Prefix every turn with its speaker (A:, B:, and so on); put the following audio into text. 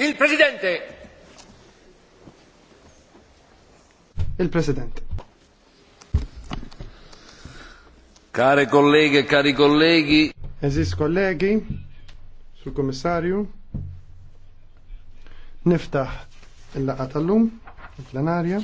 A: Il-Presidente!
B: Il-Presidente.
C: Care colleghe e cari colleghi.
D: Eżis kollegi, sul kommissarju, niftaħ il-laqa tal-lum,
E: il-plenarja.